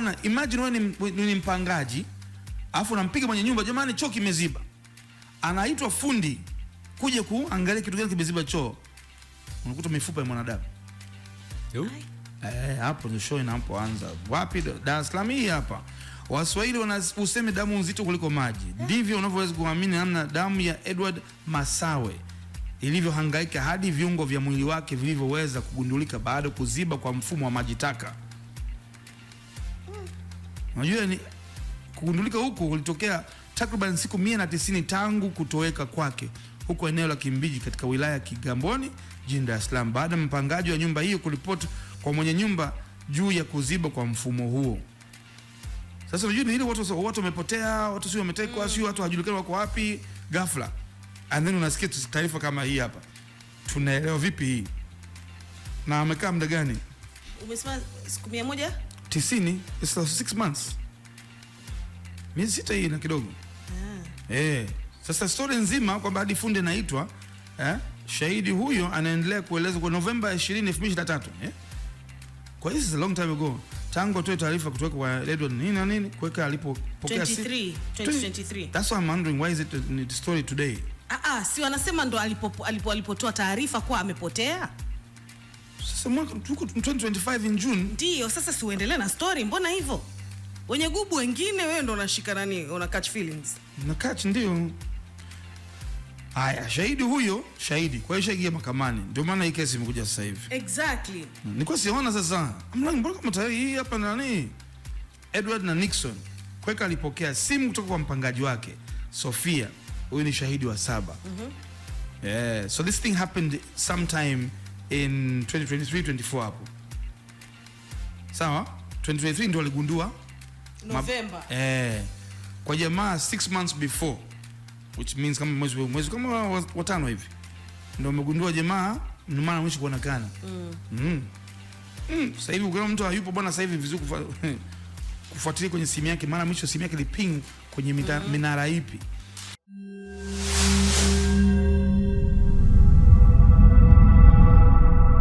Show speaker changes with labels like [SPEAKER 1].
[SPEAKER 1] bwana, imagine wewe ni, ni mpangaji alafu unampiga mwenye nyumba, jamani, choo kimeziba. Anaitwa fundi kuje kuangalia kitu gani kimeziba choo, unakuta mifupa ya mwanadamu
[SPEAKER 2] eh.
[SPEAKER 1] Hapo ndio show inapoanza. Wapi? Dar es Salaam hii hapa. Waswahili wanasema damu nzito kuliko maji, ndivyo unavyoweza kuamini namna damu ya Edward Masawe ilivyohangaika hadi viungo vya mwili wake vilivyoweza kugundulika baada ya kuziba kwa mfumo wa maji taka. Unajua ni kugundulika huku ulitokea takriban siku 190 tangu kutoweka kwake huko eneo la Kimbiji katika wilaya ya Kigamboni jijini Dar es Salaam, baada ya mpangaji wa nyumba hiyo kuripoti kwa mwenye nyumba juu ya kuziba kwa mfumo huo. Sasa unajua ni ile watu watu wamepotea, watu sio wametekwa, sio watu hajulikani wako wapi ghafla. And then unasikia taarifa kama hii hapa. Tunaelewa vipi hii? Na amekaa muda gani?
[SPEAKER 2] Umesema siku 100
[SPEAKER 1] tisini is six months, miezi sita hii na kidogo ah. Eh, sasa story nzima kwamba hadi funde naitwa eh, shahidi huyo anaendelea kueleza kwa Novemba 20, 2023 eh? Kwa hiyo is a long time ago tangu atoe taarifa kutoka kwa Edward nini na nini kuweka alipopokea
[SPEAKER 2] 23 2023.
[SPEAKER 1] That's why I'm wondering why is it the story today?
[SPEAKER 2] Ah ah, si wanasema ndo alipotoa alipo, alipo taarifa kwa amepotea
[SPEAKER 1] sasa mwaka tuko 2025 in June.
[SPEAKER 2] Ndio, sasa siuendelee na story, mbona hivyo? Wenye gubu wengine wewe ndo unashika nani? Una catch feelings.
[SPEAKER 1] Na catch ndio. Haya, shahidi huyo, shahidi. Kwa hiyo shaingia mahakamani. Ndio maana hii kesi imekuja sasa hivi.
[SPEAKER 2] Exactly.
[SPEAKER 1] Hmm, nilikuwa siona sasa. Mlango mbona kama tayari hii hapa nani? Edward na Nixon. Kweka alipokea simu kutoka kwa mpangaji wake, Sofia. Huyu ni shahidi wa saba. Mhm. Mm yeah, so this thing happened sometime in 2023 24 hapo, sawa. 2023 ndo waligundua November eh, kwa jamaa 6 months before, which means kama mwezi mwezi kama watano hivi ndio amegundua jamaa, ni maana mwisho kuonekana. mm. mm. mm. Sasa hivi ukiona mtu hayupo bwana, sasa hivi vizuri kufuatilia kwenye simu yake, maana mwisho simu yake liping kwenye mm -hmm. minara ipi